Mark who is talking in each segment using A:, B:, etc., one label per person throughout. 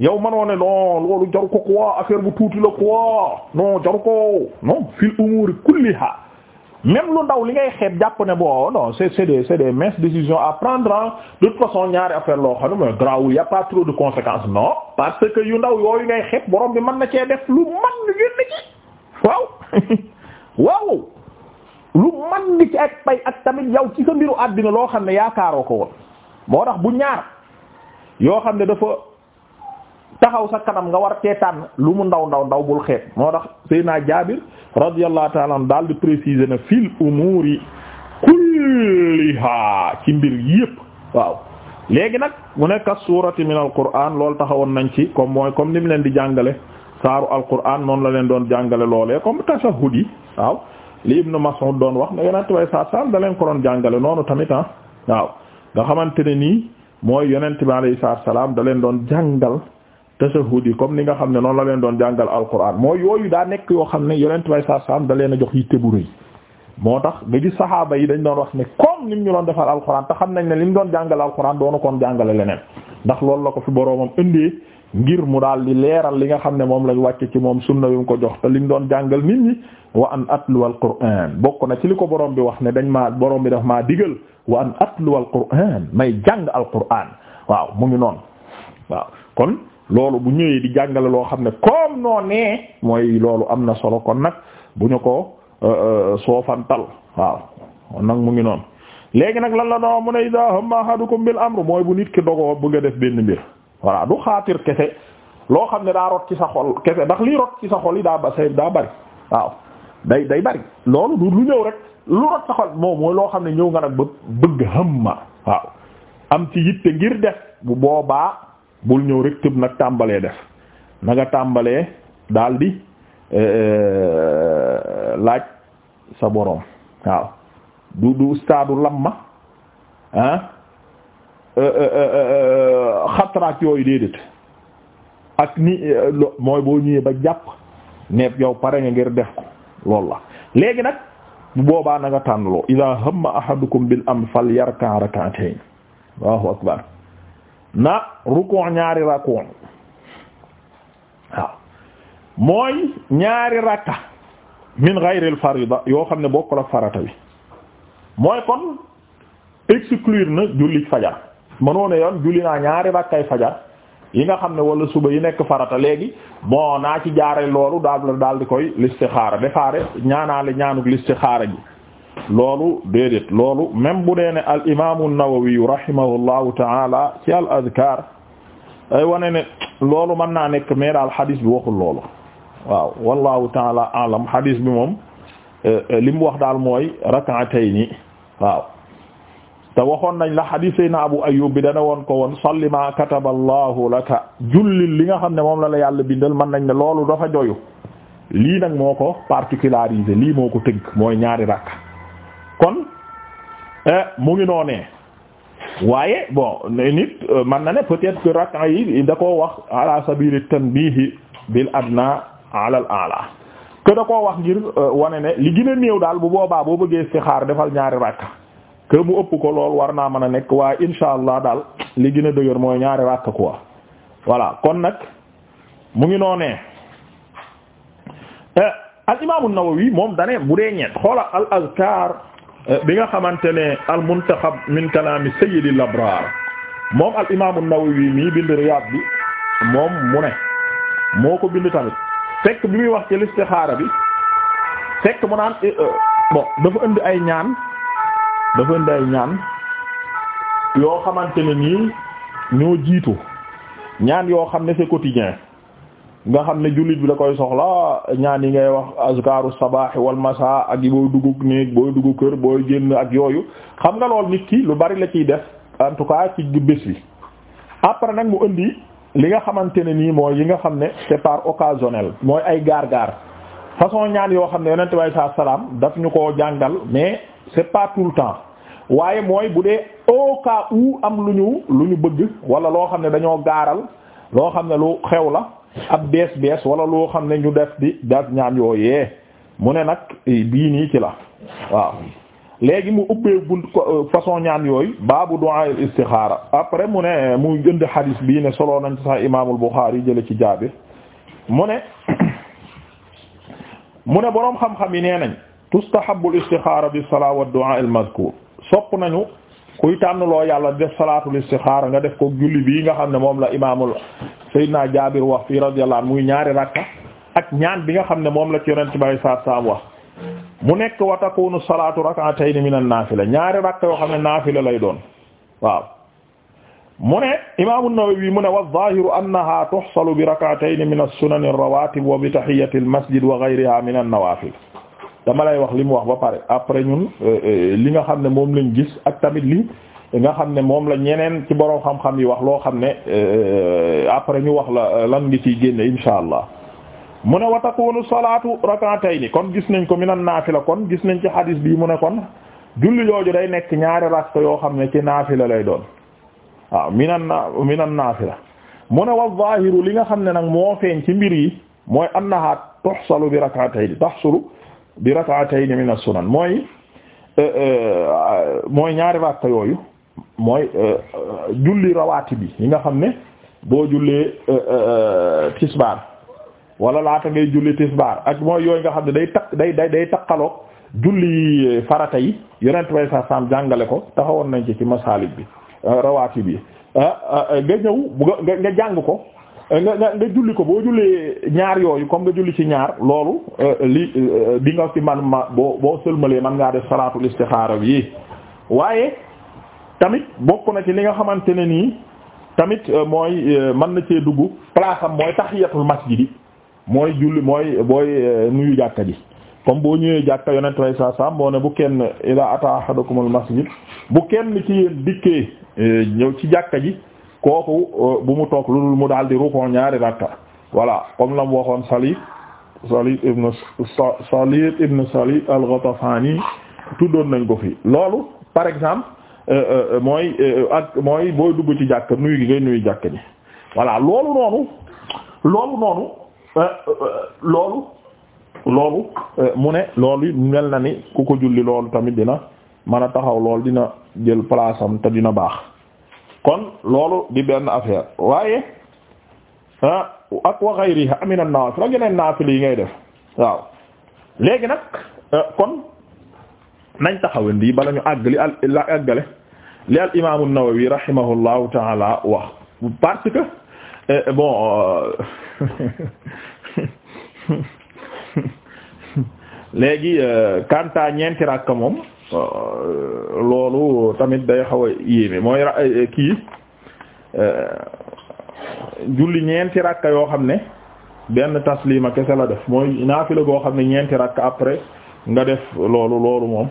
A: yow manoo ne non loolu jaru ko quoi affaire bu tuuti la quoi non jaru ko non fil umuri lu ndaw li ngay xeet jàpp ne boo non c'est c'est des c'est des minces décisions à prendre hein de toute façon ñaari affaire loo xam ne mooy graw y a pas trop de conséquences non parce que yu ndaw yooyu ngay xeeb borom bi mën na cee def lu man di génn ci waaw waaw lu man di ci ak bay ak tamit yow ci sa mbiru àddina loo xam ne yaakaaroo ko woon moo tax bu ñaar yoo xam taxaw sa kanam nga war cee tànn lu mu ndaw ndaw ndaw bul xeet moo tax Seydina Jaabir radiyallahu ta'ala anhu daal di préciser na fil umuri kulliha ci mbir yépp waaw léegi nag mu nekk suurati min alquran loolu taxawoon nañ ci comme mooy comme ni mu leen di jàngale saaru alquran noonu la leen doon jàngale loolee comme tashahhud yi waaw li Ibn Mas'ud doon wax ne yonent way saa saam da leen ko doon jàngale noonu tamit ah waaw nga xamante ne nii mooy yonent bi alayhi salaam da leen doon jàngal. tashahhud yi comme ni nga xam ne noonu la leen doon jàngal alquran mooy yooyu daa nekk yoo xam ne yonent way saa da leen a jox yitte bu rëy moo tax nga gis saxaaba yi dañ doon wax ne comme nim ñu doon defal alquran te xam nañ ne lim doon jàngal alquran doonu koon jàngale leneen ndax loolu la ko fi boroomam indee ngir mu daal di leeral li nga xam ne moom lañ wàcce ci moom sunna bi mu ko jox te lim doon jàngal nit ñi wa an at al qur'an bokk na ci li ko borom bi wax ne dañ maa borom bi daf maa digal wa an atlu al qur'an may jàng al qur'an waaw mu noonu loolu bu ñëwee di jàngale loo xam ne comme noo nee mooy loolu am na solo kon nag bu ñu ko euh, euh, soofantal waaw kon nag mu ngi noonu léegi nag lan la doo mu ne ida hamma ahadukum bil amr mooy bu nit ki dogoo bëgg a def benn mbir voilà du xaatir kese loo xam ne daa rot ci sa xol kese ndax lii rot ci sa xol yi daa ba say daa bari waaw day day bari loolu lu ñëw rek lu rot sa xol moom mooy loo xam ne ñëw nga nag ba bëgg hamma waaw am ci yitte ngir def bu boobaa bul ñëw rek nag tàmbalee def na nga tàmbalee daal di eh, eh, laaj sa boroom waaw du du stadu lamma ah eh, xatraak yooyu déedéet ak ni mooy boo ñëwee ba jàpp neef yow pare nga ngir def ko loolu la léegi nag bu boobaa nanga nga tànnloo ida hamma ahadukum bil am fal yarka rak'atayn allahu akbar na rukon ñaari rakon waaw mooy ñaari rakka min ghayril farida yoo xam ne bokkul ak farata bi mooy kon exclure na julli fajar mënoo ne yoon julli naa ñaari rakkay fajar yi nga xam ne wala suba yi nekk farata léegi bon naa ci jaare loolu daal daal di koy listixaara defaare ñaanaale ñaanuk listixaara ji loolu déedéet loolu même bu dee ne al imaamu an-Nawawi rahimahullahu taala ci al adkaar ay wane ne loolu mën naa nekk mais daal xadis bi waxul loolu waaw wallahu taala alam xadis bi moom eh, li mu wax daal mooy rak'atayni waaw te waxoon nañ la xadis sayna Abu Ayyub bi dana woon ko woon salli ma kataba Allahu laka jullil li nga xam ne moom la la yàlla bindal mën nañ ne loolu dafa joyu lii nag moo ko particularisé lii moo ko tënk mooy ñaari rakk kon eh, mu ngi noonee waaye bon nit euh, man na ne peut-être que rak'a yi da koo wax ala sabili tanbihi bil adna ala al ala que ko wax ngir euh, wane ne li gën a néew daal bu boobaa boo bëggee istixaar defal ñaari rakka kër mu ëpp ko lool war naa mën a nekk waaye insha allah daal li gën a dëgër mooy ñaari rakka quoi voilà kon nag mu ngi noonee eh, al imam an-Nawawi moom dane bu dee ñeent xoola al azkar bi nga xamante ne al muntaxab min kalaami sayyidil abrar moom al imaamu Nawawi mii bind Riyaad bi moom mu ne moo ko bind tamit fekk bi muy wax ci listixaara bi fekk mu naan eh, eh, bon dafa indi ay ñaan dafa indi ay ñaan yoo xamante ne nii ñoo jiitu ñaan yoo xam ne c'est quotidien nga xam ne jullit bi da koy soxla ñaan yi ngay wax azkaru sabah wal masa ak yi booy dugg néeg booy dugg kër boo génn ak yooyu xam nga lool nit ki lu bari la ciy def en tout cas ci bés bi après nag mu indi li nga xamante ne nii mooy yi nga xam ne c'est par occasionnel mooy ay gaar-gaar façon ñaan yoo xam ne yonente way sa salaam daf ñu ko jàngal mais c'est par tout le temps waaye mooy bu dee au cas am lu ñu lu ñu bëgg wala loo xam ne dañoo gaaral loo xam ne lu xew la ab bees bees wala loo xam ne ñu def bi daf ñaan yooyee mu ne nag bii nii ci la waaw léegi mu ubbee bunt euh, façon ñaan yooyu baabu du'a al istixaara après mu ne mu jënd xadiis bii ne solo nañ sax imaamul Buxaari jële ci Jaabir mu ne mu ne boroom xam-xam yi nee nañ tustahabbu al istixaara bi salaa wa du'a al mazkuur sopp nañu kuy tànnloo yàlla def salaatul istixaara nga def ko julli bii nga xam ne moom la imaamul Seydina Jaabir wax fii radiyallahu anhu muy ñaari rakka ak ñaan bi nga xam ne moom la ci yonent bay saat saam wax mu nekk wa takunu salaatu rak'atayn min an-naafila ñaari rakka yoo xam ne naafila lay doon waaw mu ne imaam an-Nawawi mu ne waz-zaahiru annahaa tuhsalu bi rak'atayn min as-sunan ar-rawaatib wa bi tahiyyati al-masjid wa ghayrihaa min an-nawaafil dama lay wax li mu wax ba pare après ñun euh, euh, li nga xam ne moom lañ gis ak tamit li nga xam ne moom la ñeneen ci boroom xam-xam yi wax loo xam ne euh, après ñu wax la lan ngi ciy génne insha allah mu ne wa takunu salaatu rak'atayni kon gis nañ ko min an-naafila kon gis nañ ci hadis bii mu ne kon julli jooju day nekk ñaari rakka yoo xam ne ci naafila lay doon waaw min an min an-naafila mu ne wa zaahiru li nga xam ne nag moo feeñ ci mbir yi mooy annaha tuhsalu bi bi rak'atayn min as-sunan mooy euh, euh, mooy ñaari rakka yooyu mooy euh, julli rawaati bi ñi nga xam ne boo jullee tisbaar wala laata ngay julli tisbaar ak mooy yooyu nga xam ne day takk day day day takkaloog julli farata yi yonent bay sa sam jàngale ko taxawoon nañ ci ci masaalik bi rawaati bi ah, ah, nga ñëw nga jàng ko Euh, nga nga nga julli ko boo jullee ñaar yooyu comme nga julli ci ñaar loolu euh, li euh, di nga fi man ma boo boo sëlmalee man ngaa def salaatul istixaara bi waaye tamit bokk na ci li nga xamante ne nii tamit mooy man na cee dugg place am mooy tahiyatul masjidi mooy julli mooy booy nuyu jàkka ji comme boo ñëwee jàkka yonent way sa sam moo ne bu kenn ila ata ahadakumul masjid bu kenn ci yéen dikkee ñëw ci jàkka ji kooku euh, bu mu toog lu dul mu daal di rukon ñaari rakka voilà comme la mu waxoon Salih Salih ibn Salih ibn Salih al-Ghatafani tuddoon nañ ko fi loolu par exemple euh, euh, mooy ak mooy booy dugg ci jàkk nuyu gi ngay nuyu jàkk ji voilà loolu noonu loolu noonu loolu loolu mu ne loolu mel na ni ku ko julli loolu tamit dina mën a taxaw loolu dina jël place te dina baax kon loolu di benn affaire waaye ah ak wa ghayriha min an-naafila yeneen naafila ngay def waaw léegi nag euh, kon nañ taxawandi bala ñu àggali la àggale li al imaamu an-Nawawi rahimahullahu wax parce que euh, bon euh, léegi kanta ñeenti rakka moom Euh, loolu tamit day xaw a yéeme mooy euh, kii euh, julli ñeenti rakka yoo xam ne benn taslima kese la def mooy la goo xam ne ñeenti rakka après nga def loolu loolu moom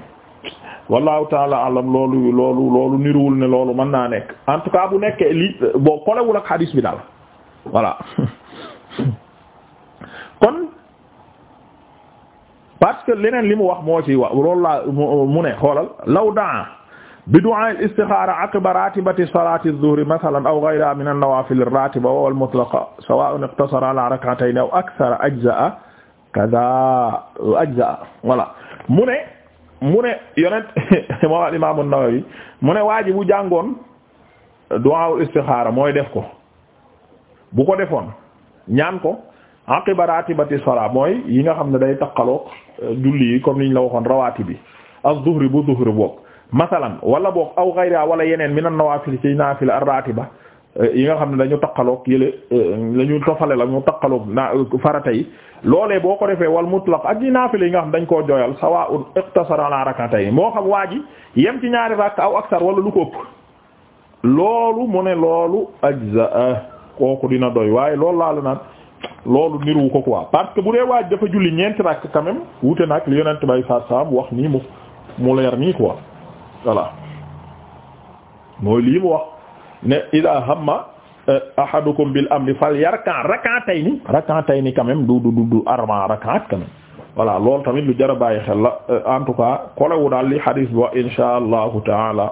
A: wallahu taala loolu loolu loolu niruwul ne loolu mën naa nekk en tout cas bu nekkee li boo kolewul ak hadis bi daal voilà kon parce que leneen li mu wax moo ci wax loolu laa mu ne xoolal law daa bi du'a istixaara aqiba ratibati salaati az-zuhri mathalan aw ghayrihaa min an-nawaafil ar-raatiba wal mutlaqa sawaa'un iqtasara ala rak'atayni aw akthara ajza'a kaza ajza'a mu ne mu ne yonent moo al imaam an-Nawawi mu ne waa ji bu istixaara mooy def ko bu ko aqiba ratibati salaa mooy yi nga xam ne day taqaloog euh, julli yi comme niñ la waxoon rawaati bi az-zuhri bu zuhri boog masalan wala book aw ghayra wala yeneen min an-nawafil ci naafil ar-ratiba euh, yi nga xam ne dañu taqaloog yële euh, la ñu tofale la ñu taqaloog na farata yi loolee boo ko defee wal mutlaq ak yi naafil yi nga xam dañ koo jooyal sawa'un iqtasara ala rak'atayn moo xam waa ji yem ci ñaari rakk aw aksar wala lu ko ëpp loolu mu ne loolu ak kooku dina doy waaye loolu laalu naan loolu niru ko quoi parce que bu dee waaj dafa julli ñeenti rakk quand wute nag li yonent bay saa saam wax nii mu mu leer nii quoi voilà mooy lii mu wax ne ida hamma eh, ahadukum bil amri fal yarkan rak'atayni rak'atayni quand même du du du du arma rak'at quand même voilà loolu tamit lu jar a bàyyi xel la eh, en tout cas kolewu daal li hadis bi wax insha allahu taala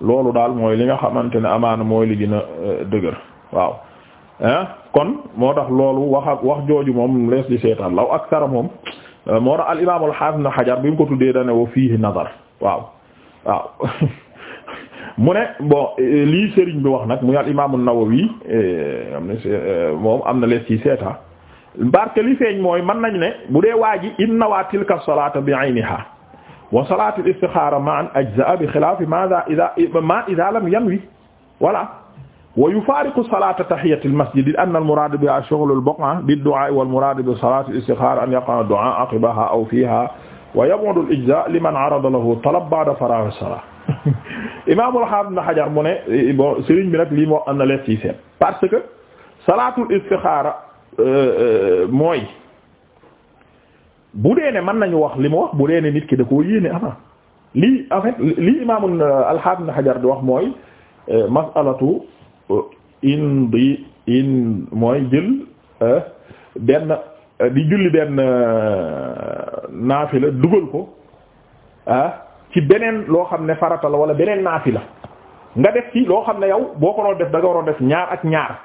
A: loolu daal mooy li nga xamante ne amaana mooy li gën a eh, dëgër waaw kon moo tax loolu wax wax jooju moom lees di seetaan law ak sara moom euh, moo tax al imaam al hafiz na xajar bi mu ko tuddee dane wa fiihi nazar waaw waaw mu ne bon euh, lii sëriñ bi wax nag muy al imaam an-Nawawi euh, am na moom am na lees ci seeta barke li feeñ mooy mën nañ ne bu dee waa ji nawa waa tilka salata bi ayniha wa salatu al istixaara ma'an ajza'a bi xilaafi ma idha ma idha lam wa yufaariqu salaata tahiyyati al-masjid li anna al-muraada bihaa shughlu al-buq'a bid-du'aa wal-muraadu bi salaati al-istixaara an yaqa'a ad-du'aa 'aqibahaa aw fiihaa wa yab'udu al-ijzaa' liman 'arada lahu talab ba'da faraaghis salaa Imaam al-Haafiz Ibn Hajar mu ne eh, bon sëriñ bi nag lii moo am na lees ci seen parce que salaatul istixaara euh, euh, mooy bu dee ne mën nañu wax li mu wax bu dee ne nit ki da koo yéene avant ah, ah. lii en fait lii Imaam euh, al-Haafiz Ibn Hajar di wax mooy masalatu indi in mooy jël euh, benn euh, di julli benn euh, la dugal ko ah ci beneen loo xam ne farata la wala beneen la nga def ci loo xam ne yow boo ko def da nga waroon def ñaar ak ñaar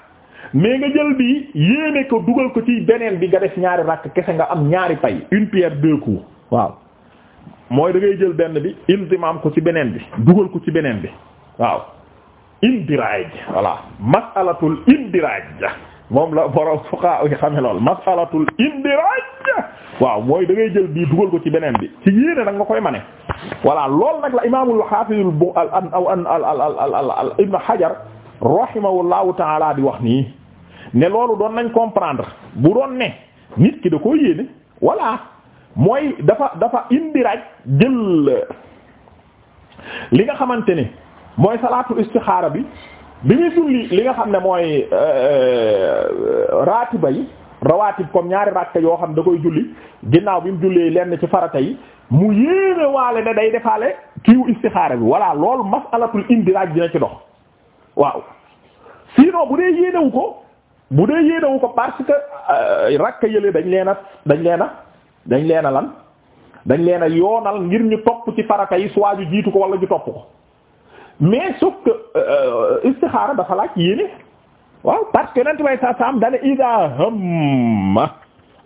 A: mais nga jël bi yéene ko dugal ko ci beneen bi nga def ñaari rakk kese nga am ñaari pay une pierre deux coups waaw mooy da jël benn bi intimaam ko ci beneen bi dugal ko ci beneen bi waaw indiraj voilà masalatul indiraj moom la borom fuqaa yi xame lool masalatul indiraj waaw mooy da ngay jël bii dugal ko ci beneen bi ci yéene nag nga koy mane voilà lool nag la imaamul xaafizul bu al an al al al al ibn Hajar rahimahullahu taala di wax nii ne loolu doon nañ comprendre bu doon ne nit ki da koo yéene voilà mooy dafa dafa indiraj jël li nga xamante ni mooy salaatu istixaara bi bi muy julli li nga xam ne mooy euh, euh, raatiba yi rawaatib comme ñaari rakka yoo xam ne da koy julli ginnaaw bi mu jullee lenn ci farata yi mu yéene waale ne day defaale kiiwu istixaara bi voilà lool masalatul indiraaj dina ci dox waaw sinon bu dee yéenewu ko bu dee yéenewu ko parce que euh, rakka yële dañ leen a dañ leen dañ leen a lan dañ leen a yoonal ngir ñu topp ci farata yi soit ñu jiitu ko wala ñu topp ko mais sauf que euh, euh, istixaara dafa laaj yéene waaw parce que nant way sa saam dane ida hamma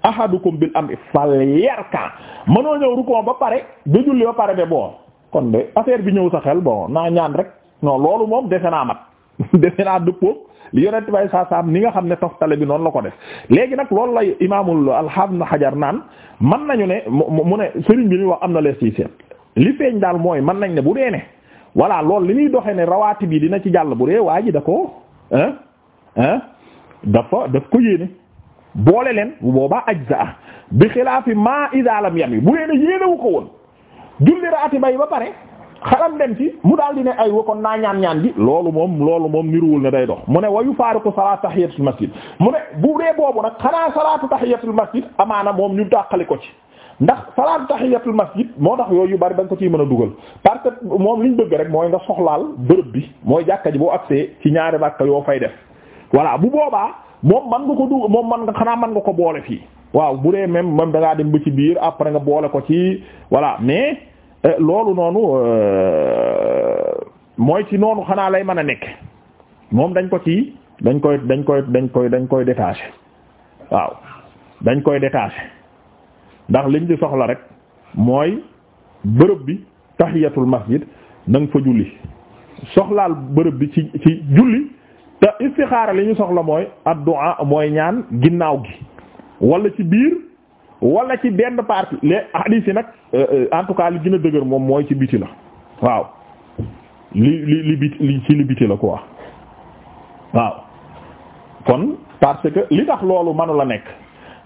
A: ahadukum bil amri falyarka mënoo ñëw rukoo ba pare da julli ba pare de bon kon de affaire bi ñëw sa xel boo naa ñaan rek non loolu moom defe naa mat defe naa dëppoog li yonent bay saa ni nga xam ne toftale bi noonu la ko def léegi nag loolu lay imaamul alxaam na xajar naan man nañu ne mu ne sëriñ bi ñuy wax am na lees yi seet li feeñ daal mooy mën nañ ne bu dee voilà loolu li muy doxe ne rawaati bi dina ci jàll bu dee waa ji da ko hein hein dafa daf ko yéene boole leen bu boobaa ajza bi xilaafi ma iza lam yam yi bu dee ne yéenewu ko woon julli raati bay ba pare xalam dem ci mu daal di ne ay wakoon naa ñaan ñaan gi loolu moom loolu moom niruwul ne day dox mu ne wayu faariqu salaatu tahiyatul masjid mu ne bu dee boobu nag xanaa salaatu tahiyatul masjid amaana moom ñu dàqali ko ci ndax salaatu tahiyatul masjid moo tax yooyu yu bari da nga ko ciy mën a dugal parce que moom li ñu bëgg rek mooy nga soxlaal bërëb bi mooy jàkka ji boo agsee ci ñaari ràkka yoo fay def voilà bu boobaa moom man nga ko dugal moom man nga xanaa man nga ko boole fii waaw bu dee même même dangaa dem ba ci biir après nga boole ko ci voilà mais euh, loolu noonu euh, mooy ci noonu xanaa lay mën a nekk moom dañ ko ci dañ koy dañ koy dañ koy dañ koy détaché waaw dañ koy détaché ndax liñ ci soxla rek mooy bërëb bi tahiyatul masjid na nga fa julli soxlaal bërëb bi ci ci julli te istixaara li ñu soxla mooy addu'a mooy ñaan ginnaaw gi wala ci biir wala ci benn partie les hadith yi nag euh, euh, en tout cas li gën a dëgër moom mooy ci biti la waaw li li li biti li ci li biti la quoi waaw kon parce que li tax loolu manu la nekk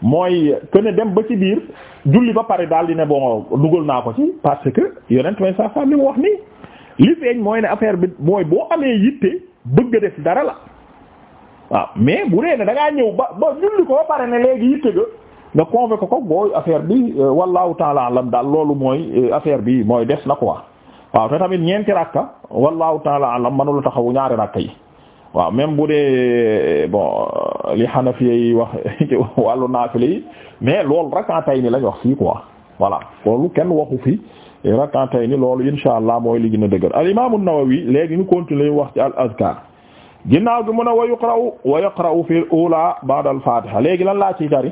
A: mooy que dem ba ci biir julli ba pare daal di ne bon dugal naa ko ci parce que yonent may saa saa li mu wax nii li feeñ mooy ne affaire bi mooy boo amee yitte bëgg a def dara la waaw mais bu ree ne da ñëw ba ba julli ko ba pare ne léegi yitte ga nga convoqué ko booy affaire bi euh, wallahu taala alam daal loolu mooy euh, affaire bi mooy des na ko quoi waaw te tamit ñeenti rakka wallahu taala alam mënula taxawu ñaari rakka yi. waaw même bu dee bon li xanafiya yi wax wàllu naafile yi mais loolu rakatayni lañ wax fii quoi voilà loolu kenn waxu fi ni loolu insha allah mooy li gën a dëgër al imam an-Nawawi léegi ñu continuer wax ci al azkar ginnaaw gi mun a wa yuqra'u wa yaqra'u fi al-ula ba'da al-fatiha léegi lan laa ciy tari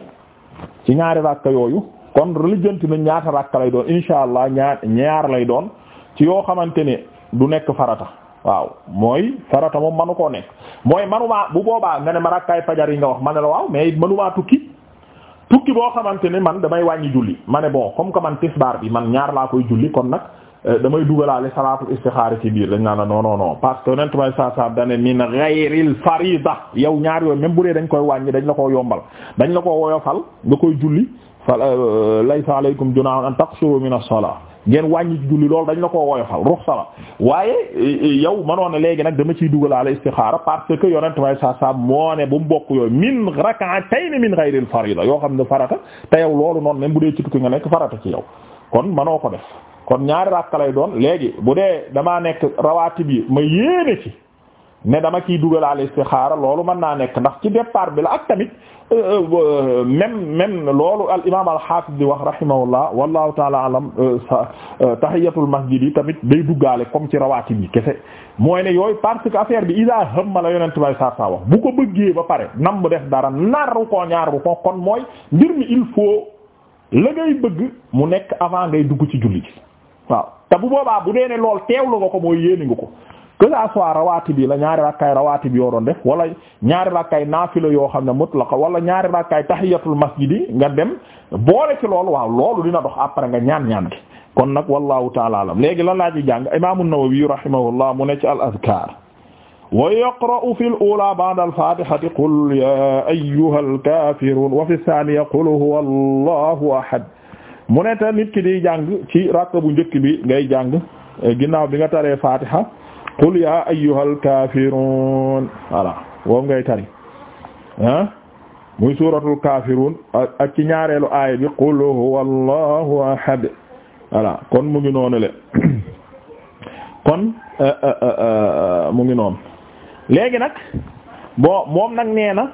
A: ci ñaari rakka yooyu kon lijjanti na ñaata rakka lay doon insha allah ñaar ñaar lay doon ci yoo xamante ne du nekk farata waaw mooy farata moom manu koo nekk mooy manumaa bu boobaa nga ne ma rakkaay fajar yi nga wax ma ne la waaw mais it manumaa tukki tukki boo xamante ne man damay wàññi julli ma ne bon comme que man tisbaar bi man ñaar laa koy julli kon nag euh, damay dugalaale salaatul istixaara ci biir dañ naan la non non non parce que yonent may saa saa dane min ghayril farida yow ñaar yooyu même bu dee dañ koy wàññi dañ la koo yombal dañ la ko woyofal nga koy julli fa euh, laysa alaykum junahun an taqsuru min as-salat ngeen wàññi ci julli loolu dañ la koo woyofal ruxsa la waaye e, e, yow manoon ne léegi nag dama ciy dugalaale istixaara parce que yonent may sa saa moo ne bu mu bokk yooyu min rak'atayn min ghayril farida yoo xam ne farata te yow loolu noonu même bu dee ci tukki nga nekk farata ci yow kon manoo ko def kon ñaari rakka lay doon léegi bu dee damaa nekk rawaatib yi ma yéene ci ne dama dugal al istixaara loolu mën naa nekk ndax ci départ bi la ak tamit euh, euh, euh, même même loolu al imaam al hafiz di wax rahimahullah wallahu taala alam tahiyatul masjid yi tamit day duggaale comme ci rawaatib yi kese mooy ne yooyu parce que affaire bi iza hamma la yonent bay saa saa wax bu ko bëggee ba pare nam mu def dara narru ko ñaar bu ko kon mooy mbir mi il faut la ngay bëgg mu nekk avant ngay dugg ci julli ji waaw te bu boobaa bu dee ne lool teewlu ko mooy nga ko que ça soit rawaati bi la ñaari rakkaay rawaati bi yoo doon def wala ñaari rakkaay naafila yoo xam ne mutlaqa wala ñaari rakkaay tahiyatul masjidi nga dem boole ci lool waaw loolu dina dox après nga ñaan ñaan gi kon nag wallahu taala alam léegi lan laa ci jàng imaamu Nawawi rahimahullah mu ne ci al azkar wa yaqra'u fi al-ula ba'da al-fatihati qul ya ayyuha al-kafirun wa fi thaniya qul huwa allahu ahad mu ne te nit di jàng ci rakka bu njëkk bi ngay jàng eh, ginnaaw bi nga taree fatiha qul yaa ayyuhal kaafiruun voilà woowu ngay tari ah muy suuratul kaafiruun ak ñaareelu aaya bi qul huwa allahu ahad kon mu ngi noonu le kon euh, euh, euh, mu ngi noonu léegi nag bon moom nag nee na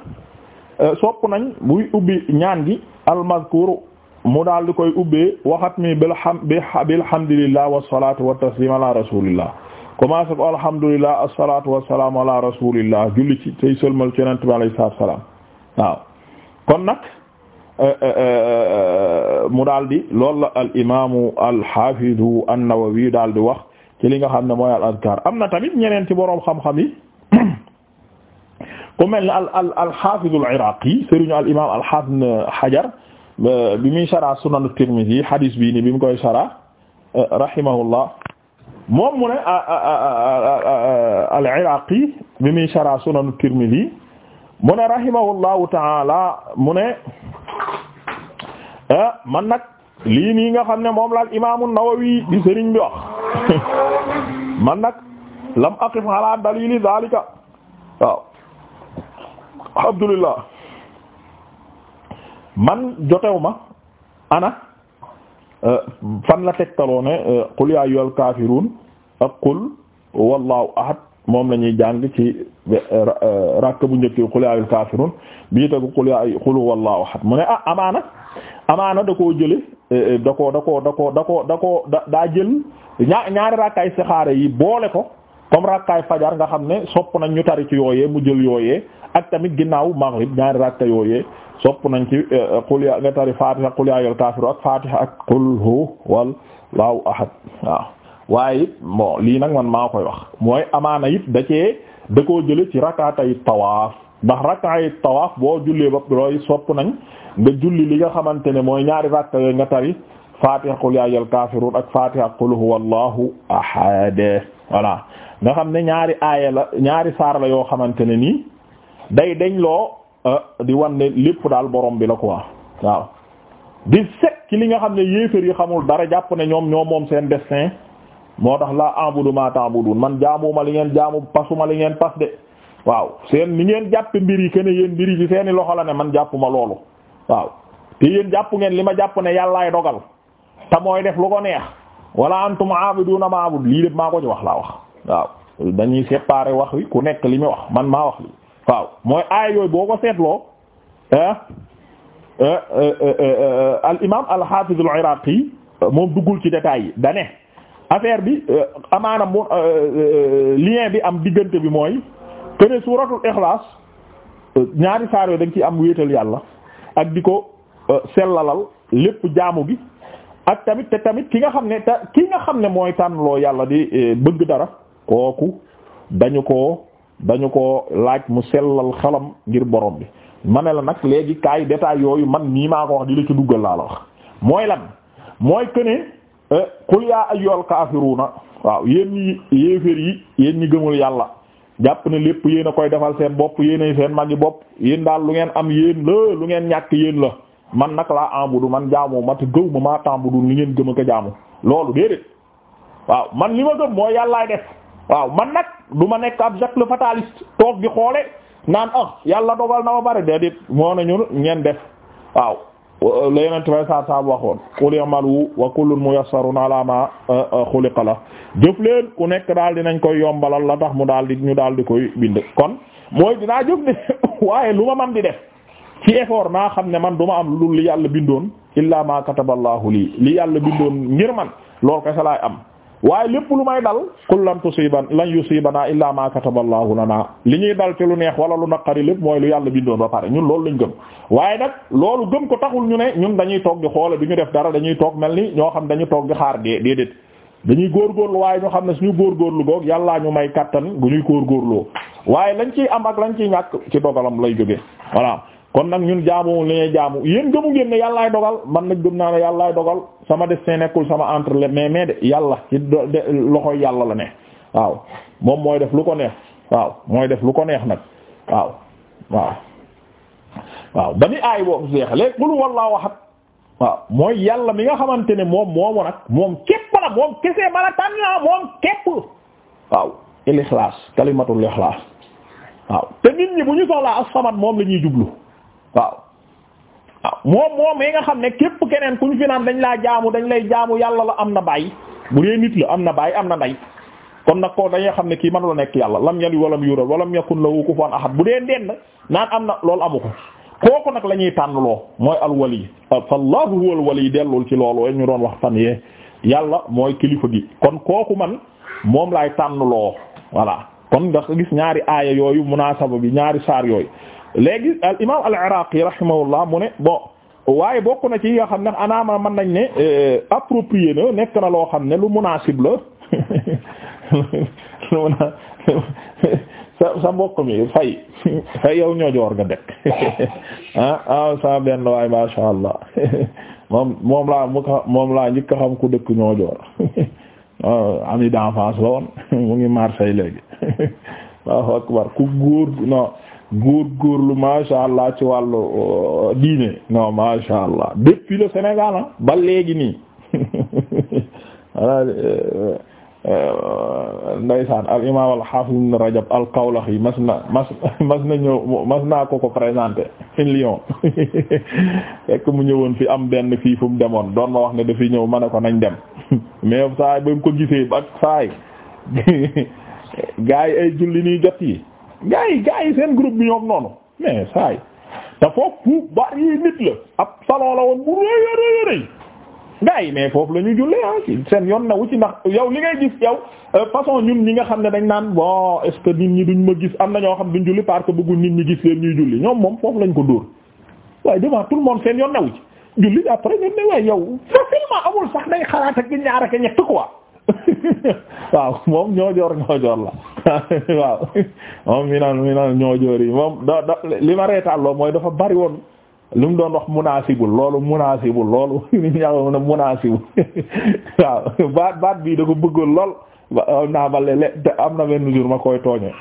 A: sopp nañ buy ubbi ñaan gi almazkuuru mu daal di koy ubbi waxat mi bilham bilhamdulillah wasalaatu wa taslim ala rasulillah commencé ko alhamdulillah assalatu wassalamu ala rasulillah julli ci tay sëlmal ci yonent bi alayhi salaatu wa salaam waaw kon nag euh, euh, euh, mu daal di loolu la al imamu alhafidu an-Nawawi daal di wax ci li nga xam ne mooy al azkar am na tamit ñeneen ci boroom xam-xam yi ku mel ne al al alhafidu al-Iraqi sëriñu al imam alhafid Hajar bi muy sara sunan at-Tirmidhi hadis bii ni bi mu koy sara rahimahullah moom mu ne al-Iraqi bi muy Sunan Tirmidhi mu ne rahimahullahu taala mu ne ah, man nag li nii nga xam ne moom la al-Imam an-Nawawi di sëriñ bi wax man nag lam aqif ala dalili zalika waaw Abdullah man jotew ma ana Euh, fan la tegtaloo ne euh, qul yaa ayyuhal kaafiruun ak qul wallahu ahad moom la ñuy jàng ci euh, rakk bu njëkk qul yaa ayyuhal kaafiruun bii tegu qul yaa qul wallahu mu ne ah amaana amaana da koo jële da ko da koo da ko da da daa jël ñaar ñaari rakkaay istixaara yi boole ko comme rakkaay fajar nga xam ne sopp nañ ñu tari ci yooyee mu jël yooyee ak tamit ginnaaw maghrib ñaari rakka yooyee sopp nañ ci euh, euh, qul ya nga tari fatiha qul ya ayyuhal ak fatiha ak qul huwallahu ahad waaw waaye lii nag man maa koy wax mooy amaana it da cee da koo ci rakkaatay tawaaf ndax rakkaay tawaaf boo jullee ba looy sopp nañ nga julli li nga xamante ne mooy ñaari rakka yooyu nga tari fatiha qul ak fatiha qul huwallahu ahad voilà nga xam ne ñaari aaya la ñaari saar la yoo xamante ne nii day deñ loo euh, di wan lépp daal borom bi la ko waaw di set ci li nga xam ne yéeféer yi xamul dara jàpp ne ñoom ñoo moom seen destin moo tax laa a'budu ma ta'budun man jaamuma li ngeen jaamu pasuma li ngeen pas de waaw seen ni ngeen jàppe mbir yi kene yéen mbir yi ci seeni loxo la ne man jàppuma loolu waaw te yéen jàpp ngeen li ma jàpp ne yàllaay dogal te mooy def lu ko neex wala antum ma a'bud lii lépp maa ko wax laa wax waaw dañuy séparer wax wi ku nekk li mu wax man maa wax li waaw mooy aay yooyu boo ko seetloo euh, euh, euh, al imaam al hafiz iraqi moom duggul ci détails yi dane affaire bi amaana mu lien bi am diggante bi mooy kene suuratul ixlaas ñaari saar dañ ci am wéetal yàlla ak di ko sellalal lépp jaamu gi ak tamit te tamit ki nga xam ne te ki nga xam ne mooy tànnloo yàlla di bëgg dara kooku dañu ko dañu koo laaj mu sellal xalam ngir borom bi ma ne la nag léegi kaay détail yooyu man nii maa ko wax di la ci duggal laa la wax mooy lan mooy këne euh, qul yaa ayyuhal na waaw yéen yi yéeféer yi yéen ñi gëmul yàlla jàpp ne lépp yéen a koy defal seen bopp yéenay seen magi bopp yéen daal lu ngeen am yéen la lu ngeen ñàkk yéen la man nag laa ambudu man jaamu ma te gëw ma maa tambudu li ngeen gëm a ko jaamu loolu déedéet waaw man li ma gëm mooy yàllaay waaw man nag du ma nekk ab Jacques le fataliste toog di xoole naan ah yàlla dogal na ba bari déedéet moo ne ñun ngeen def waaw la yenente may saab waxoon qul wa kullun muyassarun ala ma xuliqa eh, eh, la jëf ku nekk daal nañ koy yombalal la tax mu daal di ñu daal di koy bind kon mooy dinaa jëf de waaye lu ma man di def ci effort naa xam ne man du ma am lu yàlla bindoon illa ma kataballahu lii li yàlla bindoon ngir man loolu kese laay am waaye lépp lu may dal qul lan tusiban lan yusibana illa ma kataballahu lana li ñuy dal ci lu neex wala lu naqari lépp mooy lu yàlla bindoon ba pare ñun loolu lañu gëm waaye nag loolu gëm ko taxul ñu ne ñun dañuy toog di xoole du ñu def dara dañuy toog mel ni ñoo xam dañuy toog di xaar dee déedéet dañuy góor góorgóorlu waaye ñu xam ne suñu góorgóorlu goog yàllaa ñu may kattan gu ñuy góor góorgóorloo waaye lañ ciy am ak lañ ciy ñàkk ci dogalam lay jóge voilà kon nag ñun jaamu li ñuy jaamu yéen gëmu génn ne yàllaay dogal man nag gëm naa ne yàllaay dogal sama destin nekkul sama entre mais mais de yàlla ci loxo yàlla la ne waaw moom mooy def lu ko neex waaw mooy def lu ko neex nag waaw waaw ba ni aay boobu jeex léegi qul wallaahu ahad waaw mooy yàlla mi nga xamante ne moom moomu nag moom képp la moom kese mala tànn la moom képp waaw il ixlaas kalimatul ixlaas waaw te nit ñi bu ñu soxlaa as moom la ñuy jublu waaw waaw ah, moom moom yi nga xam ne képp keneen ku ñu fi naan dañ laa jaamu dañ lay jaamu yàlla la am na bàyyi bu dee nit la am na bàyyi am na ndey kon nag ko dañuy xam ne kii mënula nekk yàlla lam yali walam yural walam wu ko kufuwan axat bu dee denn naan am na loolu amu ko kooku nag la ñuy tànnloo mooy alwali fallahu huwal wali dellul ci loolu ñu doon wax fan yee yàlla mooy kilifa gi kon kooku man moom laay tànnloo voilà kon nga gis ñaari aaya yooyu munaasaba bi ñaari saar yooyu léegi al imaam al iraqi rahimahullah mu ne bon waaye bokk na ci yi nga xam ne anaama man nañ ne euh, approprié na nekk na loo xam ne lu munasib la sa sa mbokk mi fay fay yow ñoojoor nga dëkk ah ah sa benn waay masha Allah moom moom laa mu moom laa njëkk xam ku dëkk ñoojoor ah, ami d'enfance la woon mu ngi Marseille léegi waaw akbar ku góor non lu macha allah ci wàllu euh, diine non macha allah depuis le Sénégal ah ba léegi nii euh, euh, ndaysaan al imaam al hafiz ibn Rajab al Qawlaxi mas na mas na ñëw mas naa ko ko présenté fi Lyon fekk mu ñëwoon fi am benn fii fu demoon doon ma wax ne dafiy ñëw ma ne ko nañ dem mais saay ba mu ko gisee ak saay gaa yi ay julli nii jot yi gars yi gars yi seen groupe bi ñoom noonu mais saa yi te foofu bari nit la ab salon la woon bu rëy a rëy gars yi foofu la ñu jullee ah ci seen yoon na wu ci ndax yow li ngay gis yow euh, façon ñun ñi nga xam ne dañ naan bon est-ce que nit ñi duñ ma gis am na ñoo xam duñ julli parce que bëggu nit ñi gis leen ñuy julli ñoom moom foofu lañ ko dóor waaye devant tout le seen yoon na wu ci. julli après ñun ne waaye yow facilement amul sax day xalaat ak ñaar ak ñett quoi waaw moom ñoo joor ñoo la. waaw moom mi naan mi naan ñoo joor yi moom da da li ma reetaan loolu mooy dafa bari woon lu mu doon wax munaasibul loolu munaasibul loolu li ñu ñaaxoon ne munaasibul waaw baat baat bii da bëggoon lool naa ma le am na benn ma koy tooñe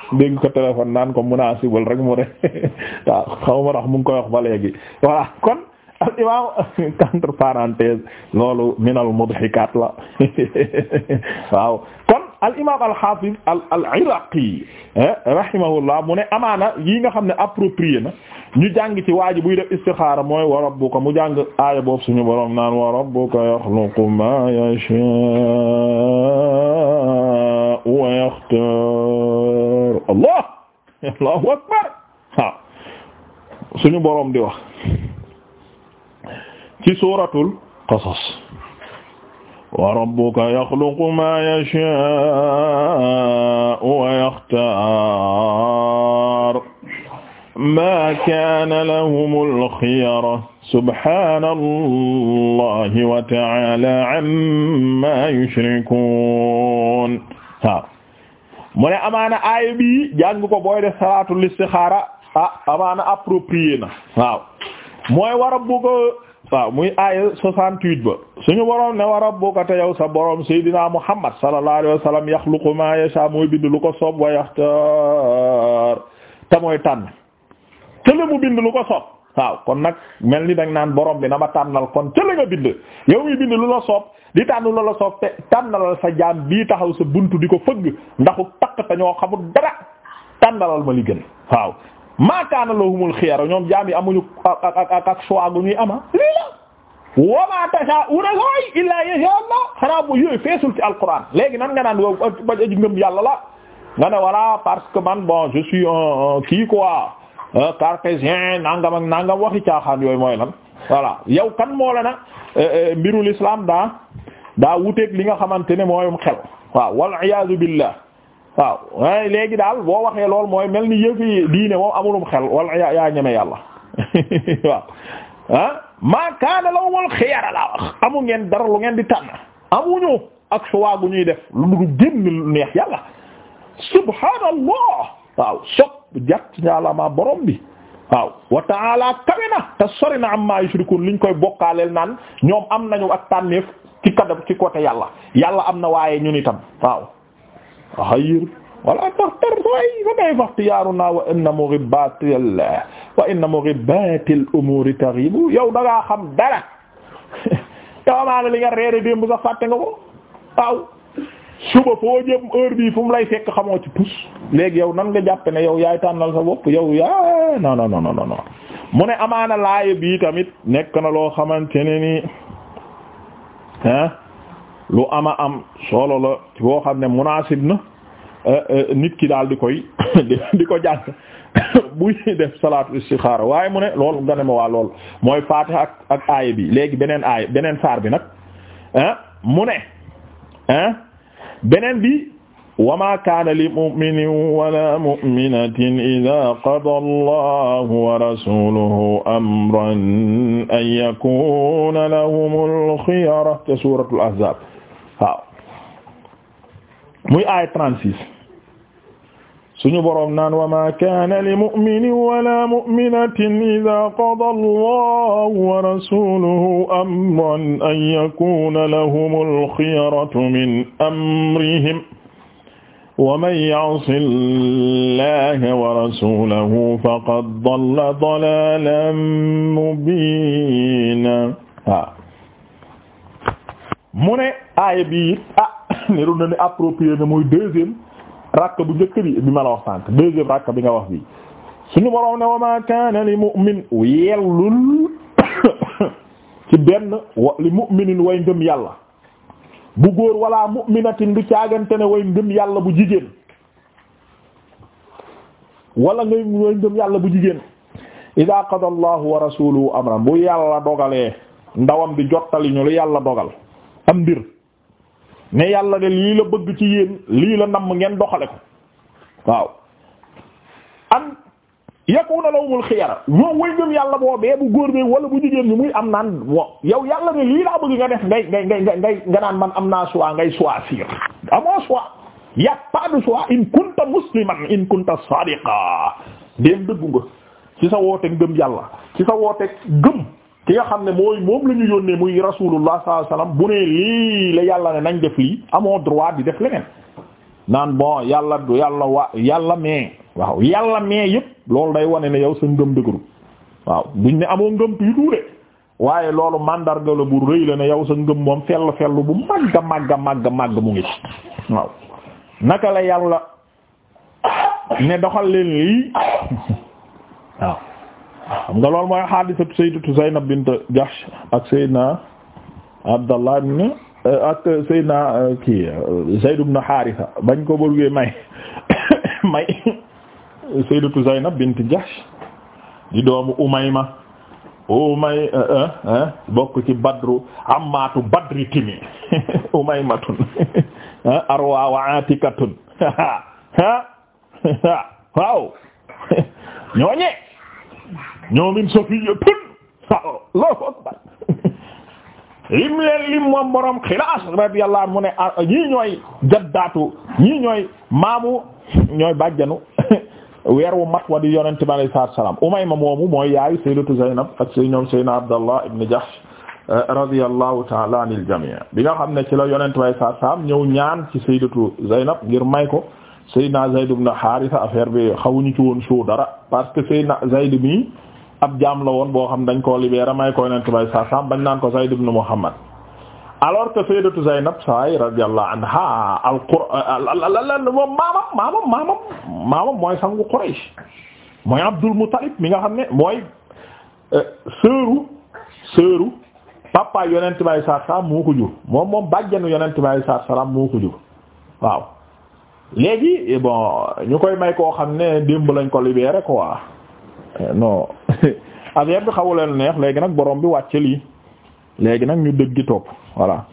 A: ko téléphone naan ko munaasibul rek rek waaw xaw ma mu ngi wax ba léegi voilà kon al imam entre minal mudhikaat la waaw al imaam al xaafis al al iraqi eh, rahimahullah mu ne amaana yi nga xam ne approprié na ñu jàng ci waa ji buy def istixaara mooy wa rabbuka mu jàng aaya boobu suñu borom naan wa rabbuka yaxluqu ma yashaa wa yaxtaar allah allahu akbar waaw suñu borom di wax ci suuratul qasas wa rabbuka yaxluqu maa yashaa'u wa yaxtaar maa kaana lahumul xiyara subhaanallaahi wa ta'aalaa ammaa yushrikuun waaw mu ne amaana aaya bi jàng ko booy def salaatul istixaara ah amaana approprié na waaw mooy wa rabbuka waaw muy aaya soixante-huit ba suñu boroom ne wa rabbuka te yow sa boroom seydinaa muhammad sallallahu alayhi wa sallam yaxluqu ma yasha mooy bind lu ko soob wa yaxtaar te mooy tànn te la mu bind lu ko soob waaw kon nag mel ni dang naan boroom bi na ma tànnal kon te nga bind yow mi bind lu la soob di tànn lu la soob te tànnalal sa jaam bii taxaw sa buntu di ko fëgg ndaxu takk te ñoo xamul dara tànnalal ma li waaw maakaana lahumul xiyara ñoom jaam amuñu ak ak ak ak ama ah. lii la wa ma tashaa'una illaa yasha Allah xanaa bu yooyu feesul ci alquran léegi nan nga naan wow yàlla la nga ne parce que man bon je suis un kii quoi cartésien nangam waxi caaxaan yooyu mooy lan voilà yow kan moo la na eh, eh, daa daa li nga xamante ne mooyum xel wal iyaazu billah waaw waaye léegi daal boo waxee lool mooy mel ni yëfi diine moom amulum xel wala yaa yaa ñeme yàlla waaw ah? maa kaana lawmal xiyara laa wax amu ngeen dara lu ngeen di tànn amuñu ak choix gu ñuy def lu dul génn neex yàlla subhaanallah waaw sob jàtt ñaalamaa borom bi waaw wa ta'ala na te sori na am maa yushrikun liñ koy bokkaaleel naan ñoom am nañu ak tànneef ci kadab ci yàlla yàlla am na waaye ñun itam waaw xayir wala taxtar way fa day faxtiyaaruna wa inna mughibatil wa inna mughibatil umuri taghibu yow da ngaa xam dara tawamaana li nga reere démb sax fàtte nga ko waaw suba foo jëm heure bii fu mu lay fekk xamoo ci tus léegi yow nan nga jàpp ne yow yaay tànnal sa bopp yow yaa non non non non mu ne amaana laaya bii tamit nekk na loo xamante ne nii ah lu ama am solo la boo xam ne munaasib na eh, eh, ki daal di koy di ko jàng buy def salaatu istixaara waaye mu ne loolu nga ne waa lool mooy faatiha ak ak bi léegi beneen aaya beneen saar bi nag eh, mu ne beneen bi wa maa kaana li mu'minin wala mu'minatin idaa qadaa allahu wa rasuluhu amran an yakuuna lahumul xiyara te suuratul ahzaab waaw muy aaya 36 suñu boroom naan wa ma kaana li mu'minin wala mu'minatin idha qada allahu wa rasuluhu amran an yakuna lahumul khiyaratu min amrihim wa man ya'si allaha wa rasulahu faqad dalla dalalan mubina mu ne aaya bii it ah niru na ni approprié na muy deuxième rakk bu njëkk bi bi ma wax sànq deuxième rakk bi nga wax bi suñu boroom ne wa ma kaana li mu'min yellul ci benn wa li mu'minin way ngëm yàlla bu góor wala mu'minatin du caagante ne way ngëm yàlla bu jigéen wala ngay way ngëm yàlla bu jigéen idaa qada allahu wa rasuluhu amran bu yàlla dogalee ndawam bi jottali ñu lu yàlla dogal am mbir ne yàlla de lii la bëgg ci yéen lii la nam ngeen doxale ko waaw an yakuna lawmul xiyara ñoom way ngëm yàlla boobee bu góor bee wala bu jigéen bi muy am naan wo yow yàlla ne lii laa bëgg nga def ngay ngay ngay ngay nga naan man am naa choix ngay choisir amoo choix y a pas de choix in kunta musliman in kunta sadiqa déem dëggu nga ci sa woote ngëm yàlla ci sa woote gëm ki nga xam ne mooy moom la yónnee muy rasulullah sallallahu alayhi bu ne lii la yàlla ne nañ def lii amoo droit di def leneen naan bon yàlla du yàlla yàlla mais waaw yàlla mais yëpp loolu day wane ne yow sa ngëm dëgëru waaw buñ ne amoo ngëm yu tuure waaye loolu mandarga la bu rëy la ne yow sa ngëm moom fell fellu bu màgg màgg màgg màgg mu ngi ci waaw naka la yàlla ne doxal leen lii waaw xam nga loolu mooy xaadisatu sayyidatu Zaynab bint Jahsh ak Seydina Abdallah ibn eh, ak Seydina eh, kii eh, Zayd bint Jahsh di doomu Umayma umay bokk ci badru ammaatu badri timi umaymatun arwa wa atikatun ha ha waaw ñoomin sofiya tun waaw Allahu akbar lim leen lim moom borom xilaas radiyallahu anhu mu ne ah, ñii ñooy jaddaatu ñii ñooy maamu ñooy bàjjanu wu mat wa di yonente bi alayhi salaatu wa salaam Umayma moomu mooy yaayu sayyidatu Zaynab ak say ñoom Seydina Abdallah ibn Jahsh eh, radiyallahu ta'ala anil jami' bi nga xam ne ci la yonente bi alayhi salaatu wa salaam ñëw ñaan ci sayyidatu Zaynab ngir may ko Seydina Zayd ibn Haarisa affaire bi xawuñu ci woon suu dara parce que Seydina Zayd bi ab jaam la woon boo xam dañ koo libéré may ko yonent bay saa saam bañ naan ko Zayd ibn Muhammad alors que sayyidatu Zaynab say radiyallahu anha al qur'an moom maamam maamam maamam mooy sangu Quraysh mooy Abdul Muttalib mi nga xam ne mooy euh, sëru sëru papa yonent bay saa saam moo ko moom moom bàjjenu yonent bay saa saam moo ko waaw léegi ñu koy may koo xam ne démb lañ ko libéré quoi. non affaire bi xawu neex léegi nag borom bi wàcce li léegi nag ñu dëggi topp voilà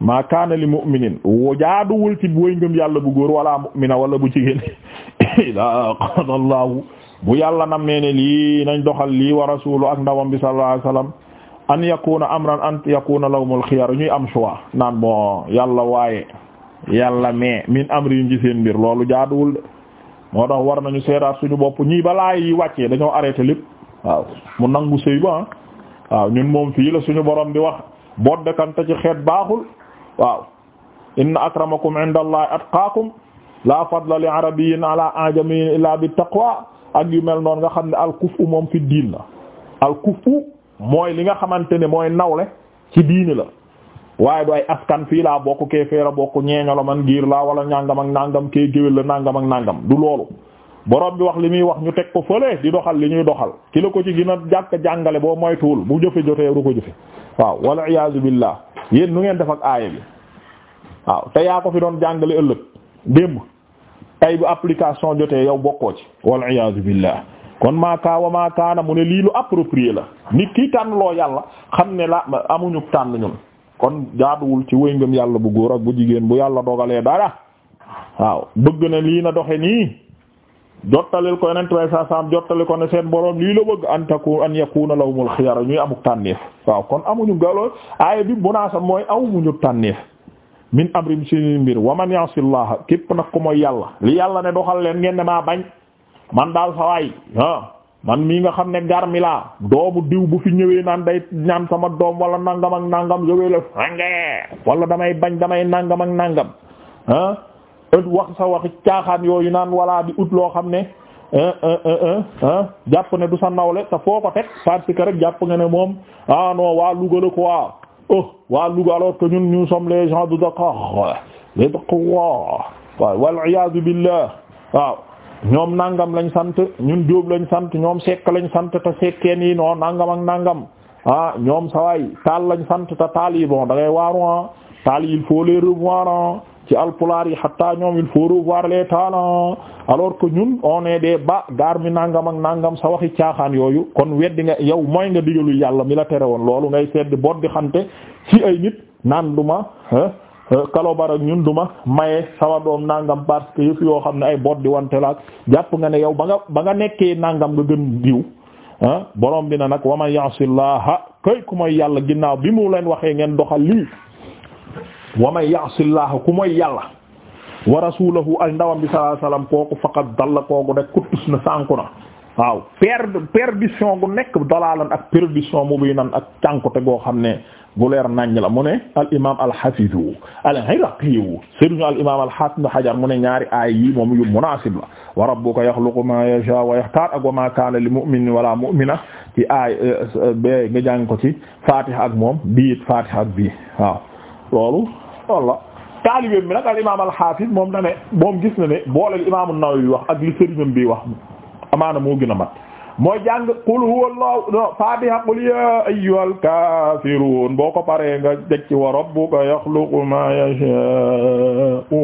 A: maa kaana li mu'minin jaaduwul ci booy ngëm yàlla bu góor wala mu'mina wala bu jigéen ila qadallahu bu yàlla nam nee ne lii nañ doxal lii wa rasulu ak ndawam bi sallallahu alayhi wasallam an yakuna amran an yakuna lawmul xiyar ñuy am choix naan bon yàlla waaye yàlla mais min amri ci seen mbir loolu jaaduwul de moo tax war nañu seeraat suñu bopp ñii balaay wàccee dañoo arrêté lépp waaw mu nangu sëy ba ah waaw ñun moom fii la suñu borom di wax boot dekante ci xeet baaxul waaw inna akramakum inda allahi atqaakum la fadla li arabiyyin ala ajamiyin illa bi taqwa ak yu mel noonu nga xam ne alkufu moom fi diin la alkufu mooy li nga xamante ne mooy nawle ci diini la waaye du ay askan fii laa bokk kee feera bokk ñeeño la man giir laa wala ñàngam ak nàngam kee géwél la nàngam ak nàngam du loolu borom bi wax li muy wax ñu teg ko fële di doxal li ñuy doxal ki la ko ci gën a jàkk jàngale boo moytuwul bu jëfe jotee du ko jëfe waaw wala iyaazu billah yéen nu ngeen def ak aaya bi waaw te yaa ko fi doon jàngale ëllëg démb tay bu application jotee yow bokkoo ci wal iyaazu billah kon maakaa wa maakaana mu ne lii lu approprié la nit ki tànn loo yàlla xam ne la amuñu tànn ñun kon jaaduwul ci wéy ngëm yàlla bu góor ak bu jigéen bu yàlla dogalee dara waaw bëgg na lii na doxe nii jottalil ko yeneen tubay saa saam jottali ko ne seen boroom lii la bëgg an taku an yakuna lahumul xiyara ñuy amuk tànneef waaw kon amuñu galoo aaye bi munaasab mooy amuñu tànneef min amrim si mbir waman yasillaha képp nag ko mooy yàlla li yàlla ne doxal leen ngeen ne maa bañ man daal sawaay ah man mii nga xam ne garmi laa doomu diw bu fi ñëwee naan day ñaan sama doom wala nangam ak nangam yowee wala damay bañ damay nangam ak nangam ah ut wax sa waxi caaxaan yooyu naan wala di ut loo xam ne jàpp ne du sa nawle te foo ko teg parce rek jàpp nga ne moom ah non waa Louga la quoi oh waa Louga alors que ñun nous sommes les gens de Dakar les Dakar waaw wal iyaazu billah waaw ñoom nangam lañ sant ñun jóob lañ sant ñoom sekk lañ sant te sekkeen yi non nangam ak nangam ah ñoom sawaay taal lañ sant ta taal yi bon da ngay waaru ah taal yi il faut les revoir ah. ci alpulaar yi xatta ñoom il faut revoir les talents ah. alors que ñun on est ba gaar mi nangam ak nangam sa waxi caaxaan yooyu kon weddi nga yow mooy nga digalu yàlla mi la tere woon loolu ngay sedd boot di xante ci ay nit naan duma ah. kalobar ak ñun duma maye sama doom nangam parce que yoo xam ne ay boot di wante la jàpp nga ne yow ba nga ba nga nekkee nangam nga gën diw ah, borom bi na nag wa man ya'sillaha kay ku mooy yàlla ginnaaw bi mu leen waxee ngeen doxal lii wa man ya'sillaha ku mooy yàlla wa rasulahu ak ndawam bi sallallahu alayhi wasallam kooku faqad dalla kooku rek kuttus na sànku na waaw per perdition gu nekk dalaalan ak perdition mubinan ak cànkute goo xam ne gu leer naññ la mu ne al imam al hafiz mu ne ñaari aay yi moom yu munaasib la wa rabbuka yaxluqu ma yasha wa yaxtaar ak wa ma kaana li mu'minin wala mu'mina ci aay be nga ko ci fatiha ak moom bii it ak bii loolu walla taalibeem bi nag al imam al hafiz moom na ne moom gis na ne booleel wax ak li sëriñam bi wax amaana moo gën a mat mooy jàng qul huwa allah fatiha qul ya ayyuhal kafirun boo ko paree nga jeg ci wa rabbuka yaxluqu ma yasha'u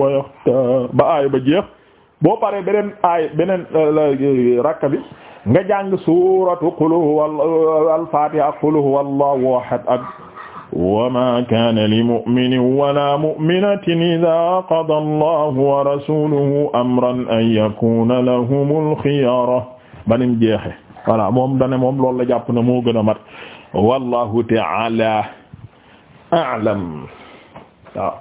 A: euh, nga jàng suratu qul huwa al fatiha qul huwa allahu ahad ak وما كان لمؤمن ولا مؤمنة إذا قضى الله ورسوله أمرا أن يكون لهم الخيارة banim jeexe voilà moom dane moom loolu la jàpp na moo gën a mat wallahu ta'ala a'lam waaw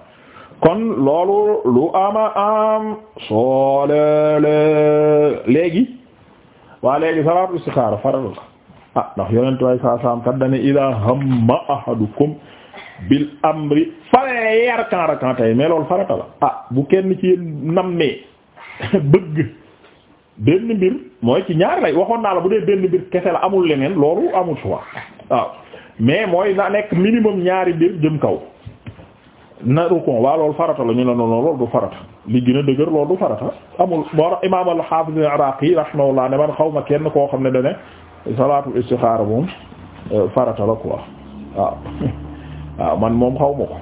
A: kon loolu lu ama am soolele léegi waa léegi salaatu istixaara faral la ah ndax yonent way saa saam kat dane ila hamma ahadukum bil amri fale yarkan rakan tay mais loolu farata la ah bu kenn ci yéen nammee bëgg benn mbir mooy ci ñaar lay waxoon naa la bu dee benn mbir kese la amul leneen loolu amul choix waaw mais mooy na nekk minimum ñaari mbir jëm kaw na rukon waa loolu farata la ñu la noonu loolu du farata li a dëgër loolu du farata amul boo imam al-Hafiz al-Iraqi rahimahullah ne man xaw ma kenn koo xam ne salaatul istixaara moom euh, farata la quoi waaw waaw man moom xaw ma ko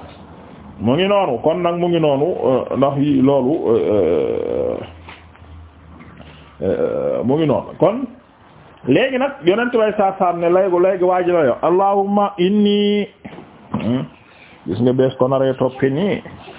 A: mu ngi noonu kon nag mu ngi noonu euh, ndax yi loolu euh, mu ngi noonu kon léegi nag yonentu way saat saam ne léegi léegi waaji la yo inni hmm, gis nga bees ko naree toppe nii